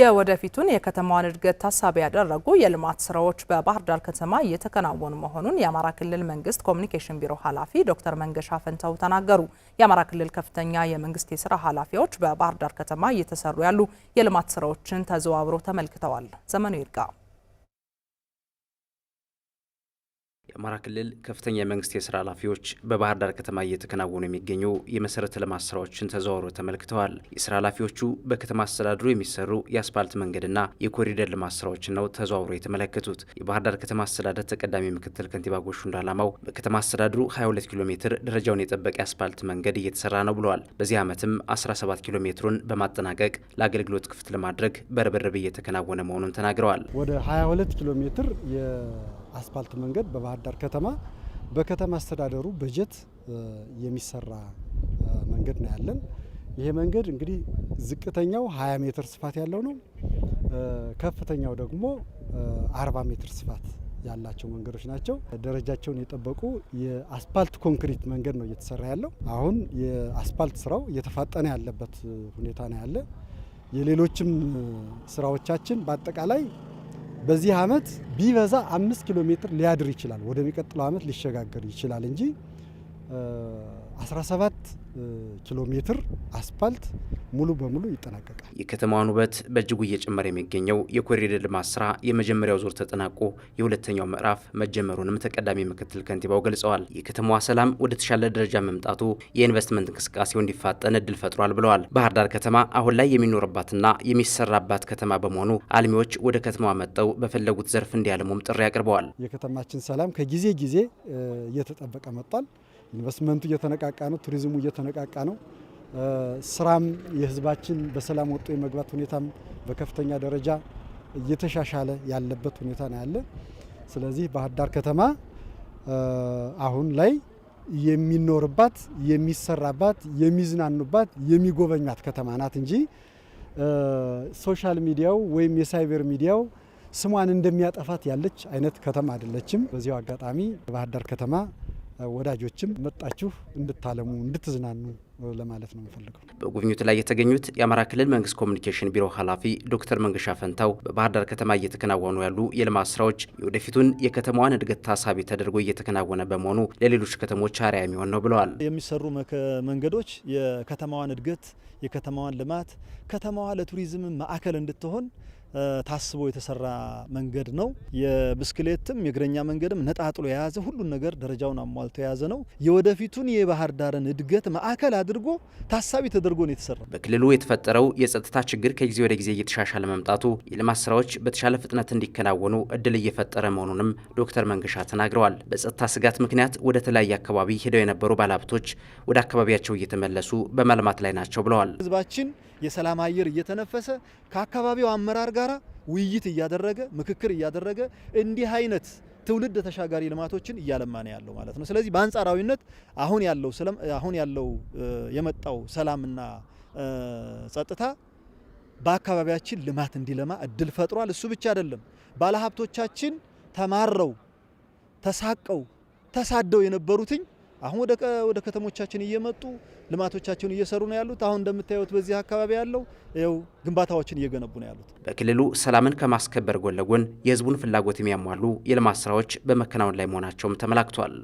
የወደፊቱን የከተማዋን እድገት ታሳቢ ያደረጉ የልማት ስራዎች በባህር ዳር ከተማ እየተከናወኑ መሆኑን የአማራ ክልል መንግስት ኮሚኒኬሽን ቢሮ ኃላፊ ዶክተር መንገሻ ፈንታው ተናገሩ። የአማራ ክልል ከፍተኛ የመንግስት የስራ ኃላፊዎች በባህር ዳር ከተማ እየተሰሩ ያሉ የልማት ስራዎችን ተዘዋብሮ ተመልክተዋል። ዘመኑ ይርጋ የአማራ ክልል ከፍተኛ የመንግስት የስራ ኃላፊዎች በባህር ዳር ከተማ እየተከናወኑ የሚገኙ የመሰረተ ልማት ስራዎችን ተዘዋውረው ተመልክተዋል። የስራ ኃላፊዎቹ በከተማ አስተዳድሩ የሚሰሩ የአስፓልት መንገድና የኮሪደር ልማት ስራዎችን ነው ተዘዋውሮ የተመለከቱት። የባህር ዳር ከተማ አስተዳደር ተቀዳሚ ምክትል ከንቲባ ጎሹ እንዳላማው በከተማ አስተዳድሩ 22 ኪሎ ሜትር ደረጃውን የጠበቀ የአስፓልት መንገድ እየተሰራ ነው ብለዋል። በዚህ ዓመትም 17 ኪሎ ሜትሩን በማጠናቀቅ ለአገልግሎት ክፍት ለማድረግ በርብርብ እየተከናወነ መሆኑን ተናግረዋል። ወደ 22 ኪሎ ሜትር አስፓልት መንገድ በባህር ዳር ከተማ በከተማ አስተዳደሩ በጀት የሚሰራ መንገድ ነው ያለን። ይሄ መንገድ እንግዲህ ዝቅተኛው 20 ሜትር ስፋት ያለው ነው። ከፍተኛው ደግሞ 40 ሜትር ስፋት ያላቸው መንገዶች ናቸው። ደረጃቸውን የጠበቁ የአስፓልት ኮንክሪት መንገድ ነው እየተሰራ ያለው። አሁን የአስፓልት ስራው እየተፋጠነ ያለበት ሁኔታ ነው ያለ። የሌሎችም ስራዎቻችን በአጠቃላይ በዚህ አመት ቢበዛ አምስት ኪሎ ሜትር ሊያድር ይችላል። ወደሚቀጥለው ዓመት ሊሸጋገር ይችላል እንጂ 17 ኪሎ ሜትር አስፓልት ሙሉ በሙሉ ይጠናቀቃል። የከተማዋን ውበት በእጅጉ እየጨመረ የሚገኘው የኮሪደር ልማት ስራ የመጀመሪያው ዙር ተጠናቆ የሁለተኛው ምዕራፍ መጀመሩንም ተቀዳሚ ምክትል ከንቲባው ገልጸዋል። የከተማዋ ሰላም ወደ ተሻለ ደረጃ መምጣቱ የኢንቨስትመንት እንቅስቃሴው እንዲፋጠን እድል ፈጥሯል ብለዋል። ባህር ዳር ከተማ አሁን ላይ የሚኖርባትና የሚሰራባት ከተማ በመሆኑ አልሚዎች ወደ ከተማዋ መጠው በፈለጉት ዘርፍ እንዲያለሙም ጥሪ አቅርበዋል። የከተማችን ሰላም ከጊዜ ጊዜ እየተጠበቀ መጥቷል። ኢንቨስትመንቱ እየተነቃቃ ነው። ቱሪዝሙ እየተነቃቃ ነው። ስራም የህዝባችን በሰላም ወጥቶ የመግባት ሁኔታም በከፍተኛ ደረጃ እየተሻሻለ ያለበት ሁኔታ ነው ያለ። ስለዚህ ባህር ዳር ከተማ አሁን ላይ የሚኖርባት፣ የሚሰራባት፣ የሚዝናኑባት፣ የሚጎበኛት ከተማ ናት እንጂ ሶሻል ሚዲያው ወይም የሳይበር ሚዲያው ስሟን እንደሚያጠፋት ያለች አይነት ከተማ አይደለችም። በዚያው አጋጣሚ ባህር ዳር ከተማ ወዳጆችም መጣችሁ እንድታለሙ እንድትዝናኑ ለማለት ነው የምፈልገው። በጉብኝቱ ላይ የተገኙት የአማራ ክልል መንግስት ኮሚኒኬሽን ቢሮ ኃላፊ ዶክተር መንገሻ ፈንታው በባህር ዳር ከተማ እየተከናወኑ ያሉ የልማት ስራዎች የወደፊቱን የከተማዋን እድገት ታሳቢ ተደርጎ እየተከናወነ በመሆኑ ለሌሎች ከተሞች አርአያ የሚሆን ነው ብለዋል። የሚሰሩ መንገዶች የከተማዋን እድገት፣ የከተማዋን ልማት ከተማዋ ለቱሪዝም ማዕከል እንድትሆን ታስቦ የተሰራ መንገድ ነው። የብስክሌትም የእግረኛ መንገድም ነጣጥሎ የያዘ ሁሉን ነገር ደረጃውን አሟልቶ የያዘ ነው። የወደፊቱን የባህር ዳርን እድገት ማዕከል አድርጎ ታሳቢ ተደርጎ ነው የተሰራ። በክልሉ የተፈጠረው የጸጥታ ችግር ከጊዜ ወደ ጊዜ እየተሻሻለ መምጣቱ የልማት ስራዎች በተሻለ ፍጥነት እንዲከናወኑ እድል እየፈጠረ መሆኑንም ዶክተር መንገሻ ተናግረዋል። በጸጥታ ስጋት ምክንያት ወደ ተለያየ አካባቢ ሄደው የነበሩ ባለሀብቶች ወደ አካባቢያቸው እየተመለሱ በመልማት ላይ ናቸው ብለዋል። ህዝባችን የሰላም አየር እየተነፈሰ ከአካባቢው አመራር ጋር ጋራ ውይይት እያደረገ ምክክር እያደረገ እንዲህ አይነት ትውልድ ተሻጋሪ ልማቶችን እያለማ ነው ያለው ማለት ነው። ስለዚህ በአንጻራዊነት አሁን ያለው አሁን ያለው የመጣው ሰላምና ጸጥታ በአካባቢያችን ልማት እንዲለማ እድል ፈጥሯል። እሱ ብቻ አይደለም፣ ባለሀብቶቻችን ተማረው ተሳቀው ተሳደው የነበሩትኝ አሁን ወደ ከተሞቻችን እየመጡ ልማቶቻቸውን እየሰሩ ነው ያሉት። አሁን እንደምታዩት በዚህ አካባቢ ያለው ይኸው ግንባታዎችን እየገነቡ ነው ያሉት። በክልሉ ሰላምን ከማስከበር ጎን ለጎን የህዝቡን ፍላጎት የሚያሟሉ የልማት ስራዎች በመከናወን ላይ መሆናቸውም ተመላክቷል።